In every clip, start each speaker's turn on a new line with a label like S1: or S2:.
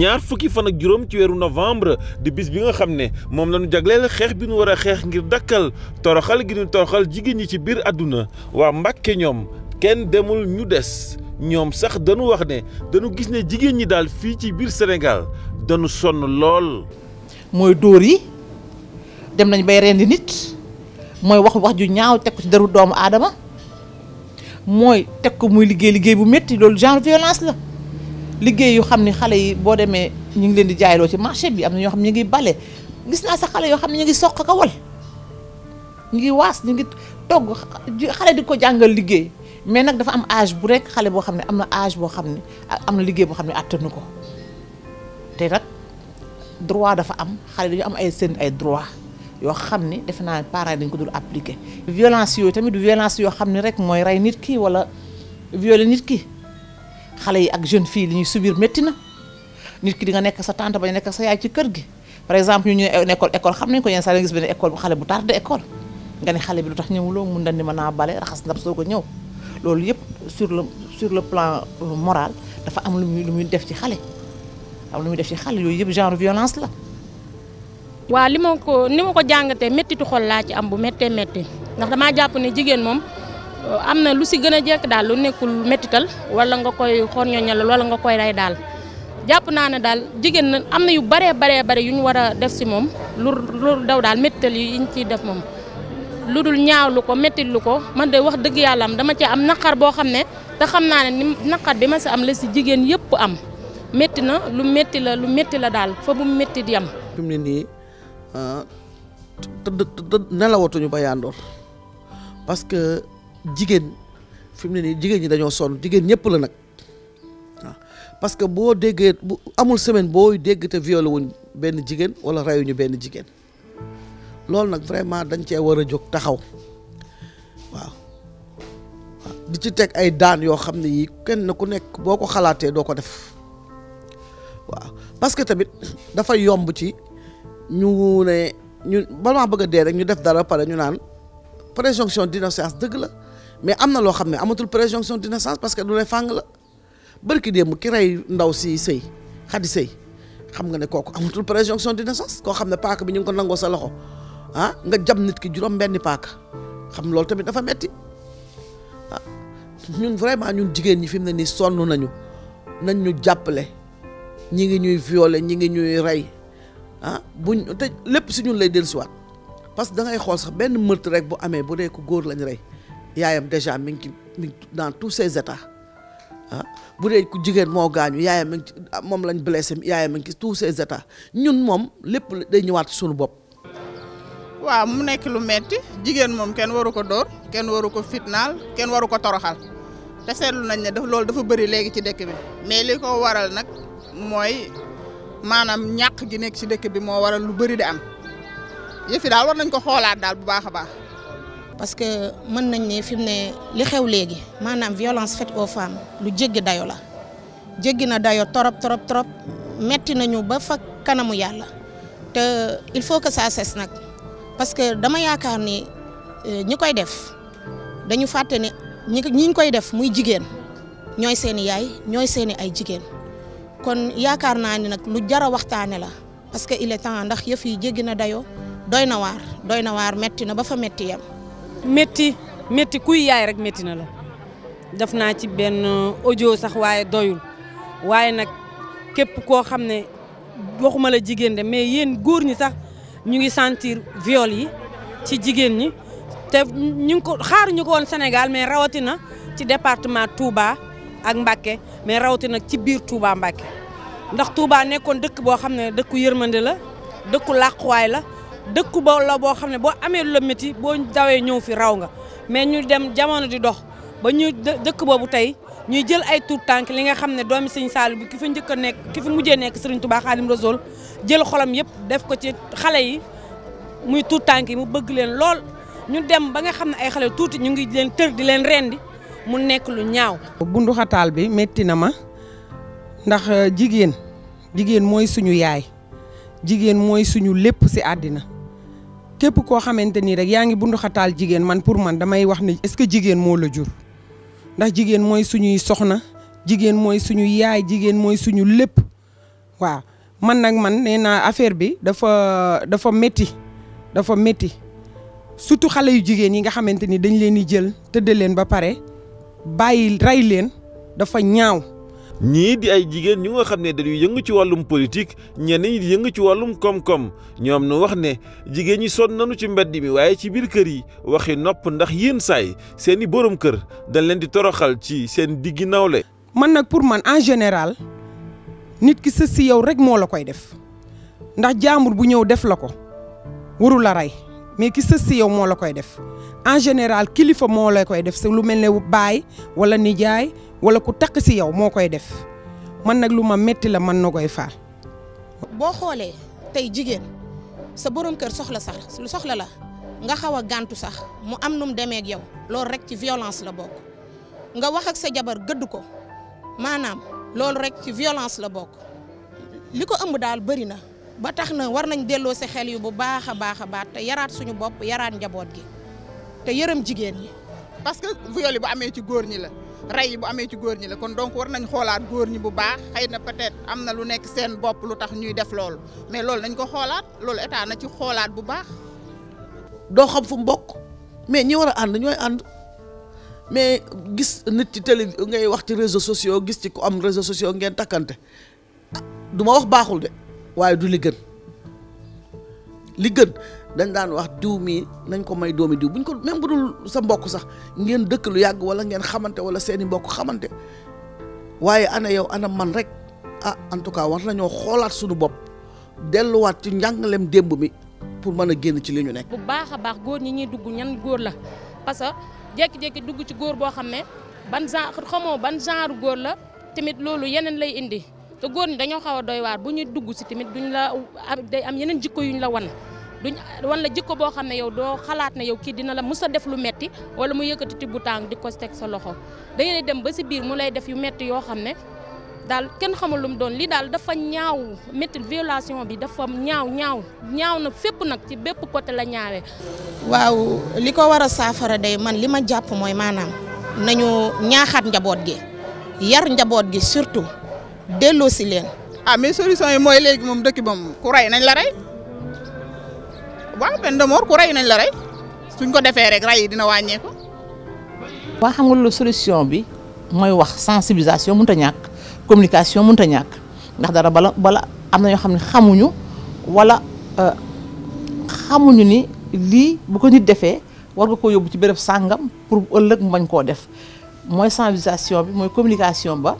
S1: ñaar fukki fan ak juróom ci weeru novembre di bis bi nga xam ne moom la ñu jagleel xeex bi ñu war a xeex ngir dakkal toroxal gi ñu toroxal jigéen ñi ci biir àdduna waa Mbàkke ñoom kenn demul ñu des ñoom sax dañu wax ne dañu gis ne jigéen ñi daal fii ci biir Sénégal danu sonn lool.
S2: mooy dóor yi dem nañ bay rendi nit mooy wax wax ju ñaaw teg ko ci deru doomu aadama mooy teg ko muy liggéey liggéey bu metti loolu genre violence la. liggéey yu xam ni xale yi boo demee ñu ngi leen di jaayloo ci marché bi am na ñoo ne ñu ngi bale gis naa sax xale yoo xam ne ñu ngi soq ka wal ñu ngi waas ñu ngi togg xale di ko jàngal liggéey mais nag dafa am âge bu rek xale boo xam ne am na âge boo xam ne am na liggéey boo xam ne àttanu ko te nag droit dafa am xale dañu am ay seen ay droit yoo xam ne defe naa parent dañ ko dul appliquer violence yooyu tamit violence yoo xam ne rek mooy rey nit ki walla violer nit ki xale yi ak jeune fille li ñuy subir métti na nit ki di nga nek sa tante ba nek sa yaay ci kër gi par exemple ñu ñu école école xam nañ ko yeen sa yi nga gis benn école bu xale bu tardé école nga ni xale bi lutax ñewulo mu mun dandi mën bale raxas ndab soko ñëw loolu yëpp sur le sur le plan moral dafa am lu muy lu muy def ci xale am lu muy def ci xale yooyu yëpp genre violence la.
S3: wa limoko nimoko jangate metti tu xol la ci am bu metté méttee ndax dama jàpp ne jigen mom am na lu si gën a jekk daal lu nekkul méttital wala nga koy xorñoñal wala nga koy rey daal jàpp naa ne daal jigéen na am na yu baree baree bare yu ñu war a def si moom lu lu daw daal méttital yi ñu ciy def moom lu dul ñaawlu ko méttit lu ko man de wax dëgg yàlla am dama ci am naqar boo xam ne te xam naa ne ni naqar bi ma si am la si jigéen yëpp am métti na lu métti la lu métti la daal fa bu métti di am.
S4: fi mu ne nii ah, jigéen fi mu ne nii jigéen ñi dañoo sonn jigéen ñëpp la nag waaw parce que boo déggee bu amul semaine booy dégg te violé wuñ benn jigéen wala ñu benn jigéen loolu nag vraiment dañ cee war a jóg taxaw waaw di ci teg ay daan yoo xam ne yii kenn ku nekk boo ko xalaatee doo ko def waaw parce que tamit dafa yomb ci ñu ne ñu balaa bëgg dee rek ñu def dara pare ñu naan présomption d'innocence dëgg la. mais am na loo xam ne amatul de naissance parce que du lay fàng la bërki démb ki rey ndaw si sëy xadi sëy xam nga ne kooku amatul d'innocence koo xam ne paaka bi ñu ngi ko nangoo sa loxo ah nga jam nit ki juróom benni paaka xam loolu tamit dafa metti ah ñun vraiment ñun jigéen ñi fi mu ne nii nañu nañ ñi ngi ñuy violer ñi ngi ñuy rey ah buñ te si ñun lay dellusiwaat parce que da ngay xool sax benn meurtre rek bu bu ko góor lañ yaayam déjà mi ngi ci dans tous ses états ah bu dee ku jigéen moo gaañu yaayam mi ngi ah, moom lañ blessé yaayam mi ngi ci tous ses états ñun moom lépp day ñëwaat sunu bopp. waaw mu nekk lu metti jigéen moom kenn waru ko dóor kenn waru ko fitnaal
S5: kenn waru ko toroxal te seetlu nañ ne daf loolu dafa bëri léegi ci dëkk bi mais li ko waral nag mooy maanaam ñàq gi nekk ci dëkk bi moo waral lu bëri di am yëfi daal war nañ ko xoolaat daal bu baax a baax. parce que mën nañ ne fi ne li xew léegi maanaam violence faite aux femmes lu jeggi dayo la jéggi na dayo torop trop trop metti nañu ba fa kanamu yàlla te il faut que sa ces nag parce que dama yaakaar ni euh, ñi koy def dañu fàtte ne ñi ñi koy def muy jigéen ñooy seeni yaay ñooy seeni ay jigéen kon yaakaar naa ni nag lu jar a waxtaane la parce que il est temps ndax yëf yi jéggi na dayo doy na waar doy na waar metti na ba fa metti yam
S6: métti métti kuy yaay rek métti na la def naa ci benn audio sax waaye doyul waaye nag képp koo xam ne waxuma la jigéen de mais yéen góor ñi sax ñu ngi sentir viol yi ci jigéen ñi te ñu ngi ko xaaruñu ko woon Sénégal mais rawatina ci département Touba ak Mbacké mais rawatina ci biir Touba Mbacké ndax Touba nekkoon dëkk boo xam ne dëkku yërmande la dëkku làquwaay la dëkku ba la boo xam ne boo amee lu la boo dawee ñëw fi raw nga mais ñu dem jamono di dox ba ñu dëkk boobu tey ñuy jël ay tuut tànk li nga xam ne doomi sëñ Saliou bi ki fi njëkk nekk ki fi mujjee nekk Serigne Touba Khadim Rasoul jël xolam yëpp def ko ci xale yi muy tuut tànk yi mu bëgg leen lool ñu dem ba nga xam ne ay xale tuuti ñu ngi leen tër di leen
S7: rendi mu nekk lu ñaaw. bundu taal bi métti na ma ndax jigéen jigéen mooy suñu yaay jigéen mooy suñu lépp si àddina képp koo xamante ni rek yaa ngi bundu xataal jigéen man pour man damay wax ne est-ce que jigéen moo la jur ndax jigéen mooy suñuy soxna jigéen mooy suñu yaay jigéen mooy suñu lépp waaw man nag man nee naa affaire bi dafa dafa métti dafa métti surtout xale yu jigéen yi nga xamante ni dañ leen di jël tëdd leen ba pare bàyyi rey leen dafa ñaaw
S1: ñii di ay jigéen ñu nga xam ne dañuy yëngu ci wàllum politique ñenn ñi di yëngu ci wàllum koom-koom ñoom nu wax ne jigéen ñi sonn nanu ci mbedd mi waaye ci biir kër yi waxi nopp ndax yéen saay seeni boroom kër dañ leen di toroxal ci seen diggi nawle
S7: man nag pour man en général nit ki sës si yow rek moo la koy def ndax jaambur bu ñëw def la ko waru la rey mais ki sës si yow moo la koy def en général kilifa moo la koy def si lu mel ne baay wala nijaay wala ku takk si yow moo koy def man nag lu ma metti la man na koy faal.
S5: boo xoolee tey jigéen sa borom kër soxla sax lu soxla la nga xaw a gàntu sax mu am nu mu demee yow loolu rek ci violence la bokk nga wax ak sa jabar gëdd ko maanaam loolu rek ci violence la bokk li ko ëmb daal bëri na ba tax na war nañ delloo si xel yi bu baax a baax a baax te yaraat suñu bopp yaraat njaboot gi. te yërëm jigéen ñi parce que viol bu amé ci góor ñi la rey bu amé ci góor ñi la kon donc war nañ xolaat góor ñi bu baax xeyna peut-être amna lu nekk seen bop lu tax ñuy def lool mais lool nañ ko xolaat lool état na ci xolaat bu
S4: baax. do xam fu mu mais ñi wara and ñoy and mais gis nit ci télé ngay wax ci réseaux sociaux gis ci ku am réseaux sociaux ngeen takkante ah, duma wax baaxul de waye du li gën li gën. dañ daan wax diw mii nañ ko may doomi diw ñu ko même bu dul sa mbokk sax ngeen dëkk lu yàgg wala ngeen xamante wala seeni mbokk xamante waaye ana yow ana man rek ah en tout cas war nañoo xoolaat suñu bopp delluwaat ci njàngalem démb mi pour mën a génn ci li ñu nekk.
S3: bu baax a baax góor ñi ñuy dugg ñan góor la parce que jékki dugg ci góor boo xam ne ban genre xamoo ban genre góor la tamit loolu yeneen lay indi te góor ñi dañoo xaw a doy waar bu ñuy dugg si tamit duñ la day am yeneen jikko yuñ la wan. du wan la boo xam ne yow doo xalaat ne yow kii dina la mus a def lu wala mu yëkkati tibb tàng di ko teg sa loxo da dem ba si biir mu lay def yu metti yoo xam ne daal kenn xamul lu doon lii daal dafa ñaaw metti violation bi dafa ñaaw ñaaw ñaaw na fépp nag ci bépp côté la ñaawee.
S5: waaw li ko war a saafara day man li ma jàpp mooy maanaam nañu ñaaxaat njaboot gi yar njaboot gi surtout delloo si leen. ah solution yi mooy léegi moom dëkk ba ku rey nañ la rey. waaw peine de mort ku rey nañ la rey suñ ko defee rek rey yi dina wàññeeku.
S2: waa xam nga loolu solution bi mooy wax sensibilisation mënut a ñàkk communication mënut a ñàkk ndax dara bala bala am na ñoo xam ne xamuñu wala euh, xamuñu ni lii bu ko nit defee war nga koo yóbbu ci béréb sàngam pour ëllëg mu bañ koo def mooy sensibilisation bi mooy communication ba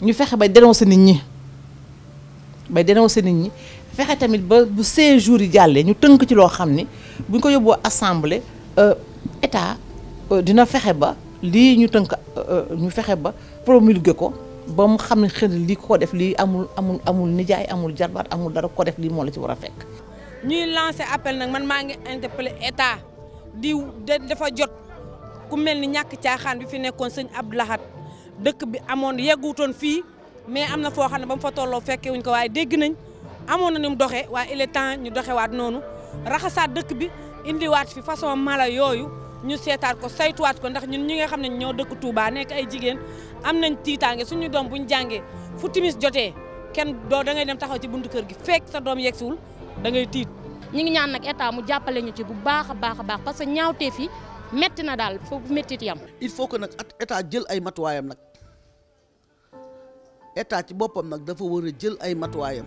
S2: ñu fexe bay dénoncer nit ñi bay dénoncer nit ñi. fexe tamit ba bu 16 jours yi jàllee ñu tënk ci loo xam ni bu ñu ko yóbboo assemblée euh, état euh, dina fexe ba lii ñu tënk euh, ñu fexe ba promulgué ko ba mu xam ne xëy lii ko def lii amul amul amul nijaay amul jarbaat amul dara ko def lii moo la ci war a fekk.
S6: ñuy lancé appel nag man maa ngi interpellé état di dafa jot ku mel ni ñàkk caaxaan bi fi nekkoon sëñ ab laxat dëkk bi amoon yeggutoon fii mais am na foo xam ne ba mu fa tolloo fekkee wuñ ko waaye dégg nañ. amoon na ñu mu doxee waaye il est temps ñu waat noonu raxasaat dëkk bi indiwaat fi façon mala yooyu ñu seetaat ko saytuwaat ko ndax ñun ñi nga xam ne ñoo dëkk Touba nekk ay jigéen am nañ tiitaange suñu doom bu ñu jàngee fu timis jotee kenn doo da ngay dem taxaw ci buntu kër gi fekk sa doom yegsiwul da ngay tiit. ñu ngi ñaan
S3: nag état mu jàppale ñu ci bu baax a baax a baax parce que ñaawteef yi métti na daal foofu méttit yam.
S4: il faut que nag at état jël ay matuwaayam nag état ci boppam nag dafa war a jël ay matuwaayam.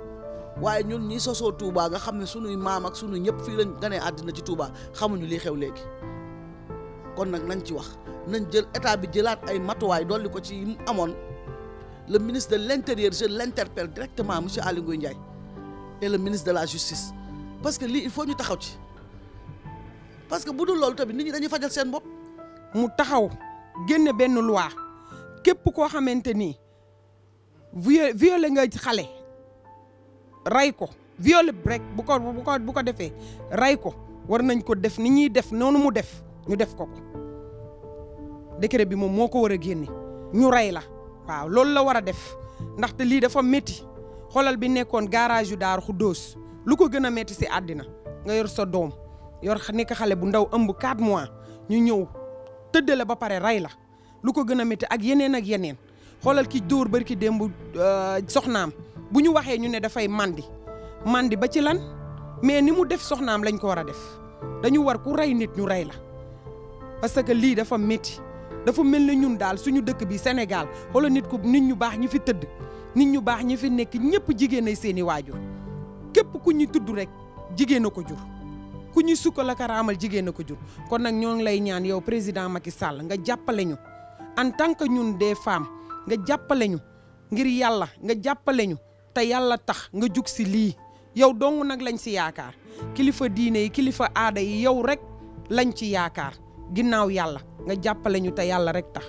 S4: waaye ñun ñi sosoo tuubaa nga xam ne sunuy maam ak sunuy ñëpp fii lañ ganee àddina ci Touba xamuñu lii xew léegi kon nag nañ ci wax nañ jël état bi jëlaat ay matuwaay dolli ko ci amoon le ministre de l'intérieur je l'interpelle directement monsieur Aly Ngouille Ndiaye et le ministre de la justice parce que lii il faut ñu taxaw ci parce que bu dul loolu tamit nit ñi dañuy fajal seen bopp. mu taxaw génn benn
S7: loi képp koo xamante ni violé nga xale. rey ko viol rek bu ko bu bu ko defee rey ko war nañ ko def ni ñuy def noonu mu def ñu def ko ko décret bi moom moo ko war a génne ñu ray la waaw loolu la war a def ndaxte lii dafa métti xoolal bi nekkoon garage yu xu doos lu ko gën a metti si àddina nga yor sa doom yor nekk xale bu ndaw ëmb 4 mois ñu ñëw tëddale ba pare rey la lu ko gën a métti ak yeneen ak yeneen xoolal ki dóor bari ki démb euh, soxnaam waxé ñu né da fay mandi mandi ba ci lan mais ni mu def soxnam lañ ko wara def dañu war ku ray nit ñu ray la parce que da dafa metti dafa mel ne ñun dal suñu dëkk bi Sénégal xoola nit ku nit ñu bax ñi fi tëdd nit ñu bax ñi fi nekk ñepp jigéen ay seeni waajur képp ku ñi tuddu rek jigéen nako jur ku ñi suko la karamal jigéen nako jur kon nak ñoo lay ñaan yow président Macky Sall nga jappalé ñu en tant que ñun des femmes nga jappalé ñu ngir yalla nga jappalé ñu te yàlla tax nga jug si lii yow dong nag lañ si yaakaar kilifa diine yi kilifa aada yi yow rek lañ ci yaakaar ginnaaw yàlla nga jàppale ñu te yàlla rek tax.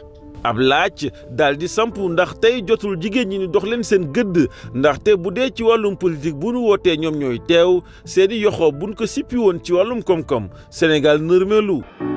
S1: ab laaj daal di samp ndax tey jotul jigéen ñi nu dox leen seen gëdd ndaxte bu dee ci wàllum politique bu nu wootee ñoom ñooy teew seeni yoxoo buñ ko sippi woon ci wàllum koom-koom Sénégal nërmeelu.